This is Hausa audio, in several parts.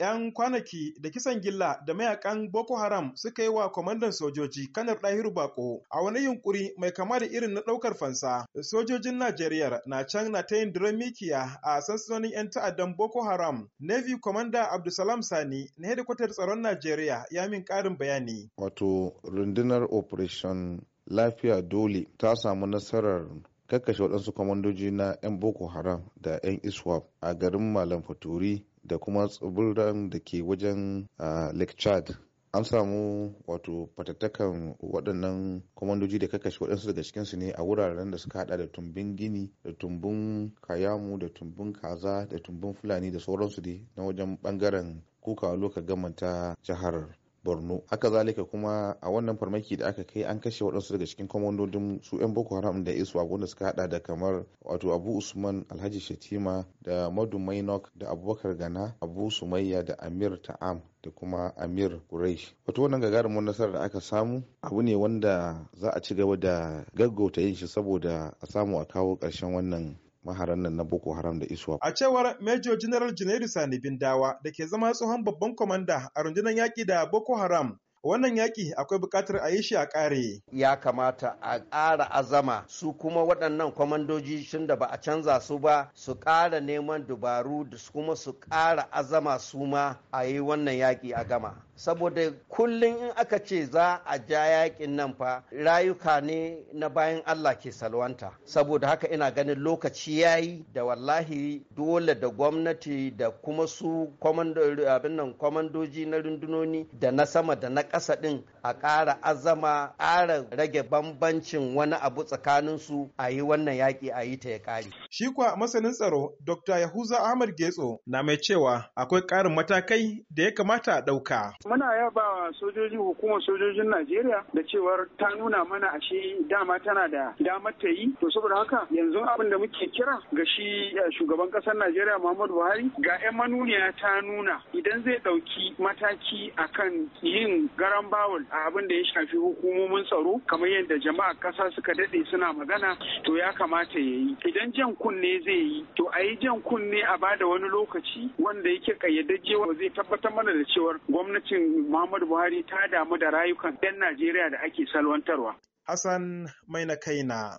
'yan kwanaki da kisan gilla da mayakan Boko Haram suka yi wa kwamandan sojoji kanar ɗahiru bako a wani yunkuri mai kama da irin na ɗaukar fansa. Sojojin Najeriya na can na ta yin mikiya a sansanonin 'yan ta'addan Boko Haram. Navy Commander Abdulsalam Sani na hedikwatar tsaron Najeriya ya min ƙarin bayani. Wato rundunar Operation Lafiya Dole ta samu nasarar kakashe waɗansu kwamandoji na 'yan Boko Haram da 'yan ISWAP a garin Malam Faturi da kuma tsibiran da ke wajen lake chad an samu wato fatattakan waɗannan kwamandoji da kakashi waɗansu daga cikinsu ne a wuraren da suka hada da tumbin gini da tumbin kayamu da tumbin kaza da tumbin fulani da sauransu dai na wajen ɓangaren kuka loka gamanta jihar borno haka zalika kuma a wannan farmaki da aka kai an kashe waɗansu daga cikin komandodin su 'yan boko haram da abu wanda suka hada da kamar wato abu usman alhaji shatima da madu mainok da abubakar gana abu sumayya da amir ta'am da kuma amir quraish wato wannan gagarumin nasarar da aka samu abu ne wanda za a ci gaba da gaggauta yin shi saboda a samu a kawo ƙarshen wannan maharan nan na Boko Haram da Iswa. A cewar Major General Junairu Sani Bindawa da ke zama tsohon babban komanda a rundunar yaƙi da Boko Haram wannan yaƙi akwai buƙatar a yi shi a ƙare. Ya kamata a ƙara azama su kuma waɗannan kwamandoji tun da ba a canza su ba su ƙara neman dubaru da kuma su ƙara azama su ma a yi wannan yaƙi a gama. saboda kullum in aka ce za a ja yakin nan fa rayuka ne na bayan Allah ke salwanta saboda haka ina ganin lokaci yayi da wallahi dole da gwamnati da kuma su kwamandoji na rundunoni da na sama da na ƙasa ɗin a ƙara azama ƙara rage bambancin wani abu tsakanin su a yi wannan yaƙi a yi ta ya ƙari. Shi kuwa masanin tsaro Dr. Yahuza Ahmad Getso na mai cewa akwai ƙarin matakai da ya kamata a ɗauka. Muna yaba sojoji hukumar sojojin Najeriya da cewar ta nuna mana ashe dama tana da damar ta yi. To saboda haka yanzu abin da muke kira ga shi eh, shugaban ƙasar Najeriya Muhammadu Buhari ga 'yan manuniya ta nuna idan zai ɗauki mataki akan yin garan bawul a abin da ya shafi hukumomin tsaro kamar yadda jama'a ƙasa suka daɗe suna magana to ya kamata ya yi. Idan jan kunne zai yi to a yi jan kunne a bada wani lokaci wanda yake ƙayyadajje zai tabbatar mana da cewar gwamnati gwamnatin Muhammadu Buhari ta damu da rayukan 'yan Najeriya da ake salwantarwa. Hassan mai Maina Kaina,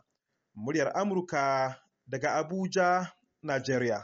muryar Amurka daga Abuja, Najeriya.